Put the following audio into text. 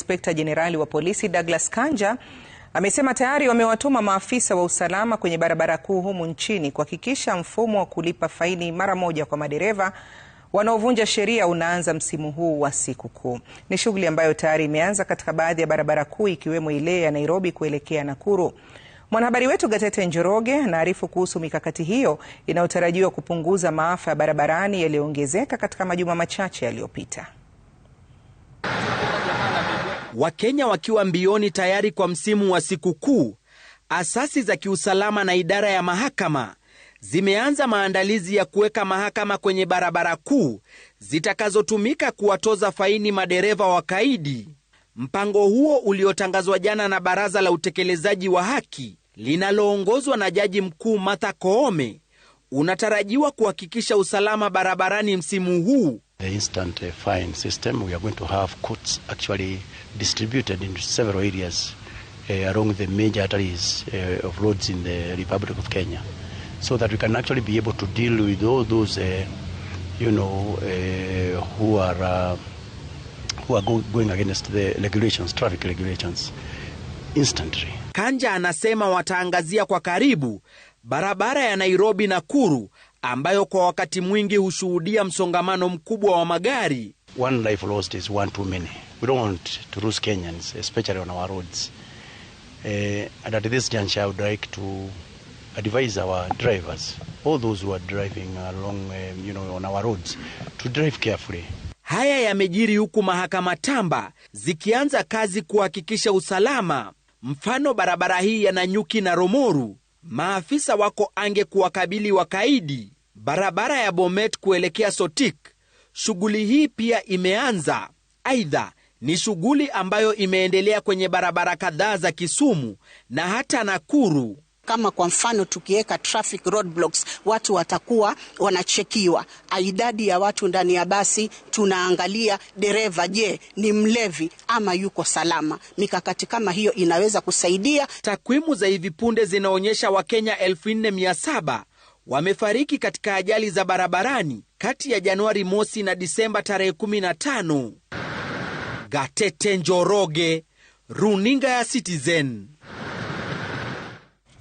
Inspekta Jenerali wa Polisi Douglas Kanja amesema tayari wamewatuma maafisa wa usalama kwenye barabara kuu humu nchini kuhakikisha mfumo wa kulipa faini mara moja kwa madereva wanaovunja sheria unaanza msimu huu wa sikukuu. Ni shughuli ambayo tayari imeanza katika baadhi ya barabara kuu ikiwemo ile ya Nairobi kuelekea Nakuru. Mwanahabari wetu Gatete Njoroge anaarifu kuhusu mikakati hiyo inayotarajiwa kupunguza maafa ya barabarani yaliyoongezeka katika majuma machache yaliyopita. Wakenya wakiwa mbioni tayari kwa msimu wa sikukuu, asasi za kiusalama na idara ya mahakama zimeanza maandalizi ya kuweka mahakama kwenye barabara kuu zitakazotumika kuwatoza faini madereva wakaidi. Mpango huo uliotangazwa jana na Baraza la Utekelezaji wa Haki linaloongozwa na Jaji Mkuu Martha Koome unatarajiwa kuhakikisha usalama barabarani msimu huu The instant uh, fine system we are going to have courts actually distributed in several areas uh, along the major arteries uh, of roads in the Republic of Kenya so that we can actually be able to deal with all those uh, you know uh, who are uh, who are go going against the regulations traffic regulations instantly. Kanja anasema wataangazia kwa karibu barabara ya Nairobi Nakuru ambayo kwa wakati mwingi hushuhudia msongamano mkubwa wa magari. One life lost is one too many. We don't want to lose Kenyans, especially on our roads. Uh, and at this juncture, I would like to advise our drivers, all those who are driving along, eh, you know, on our roads, to drive carefully. Haya yamejiri huku mahakama tamba zikianza kazi kuhakikisha usalama. Mfano barabara hii ya Nanyuki na Romoru maafisa wako ange kuwakabili wakaidi barabara ya Bomet kuelekea Sotik. Shughuli hii pia imeanza. Aidha, ni shughuli ambayo imeendelea kwenye barabara kadhaa za Kisumu na hata Nakuru kama kwa mfano tukiweka traffic roadblocks, watu watakuwa wanachekiwa ah, idadi ya watu ndani ya basi. Tunaangalia dereva, je, ni mlevi ama yuko salama? Mikakati kama hiyo inaweza kusaidia. Takwimu za hivi punde zinaonyesha Wakenya 4700 wamefariki katika ajali za barabarani kati ya Januari mosi na Disemba tarehe 15. Gatete Njoroge, runinga ya Citizen.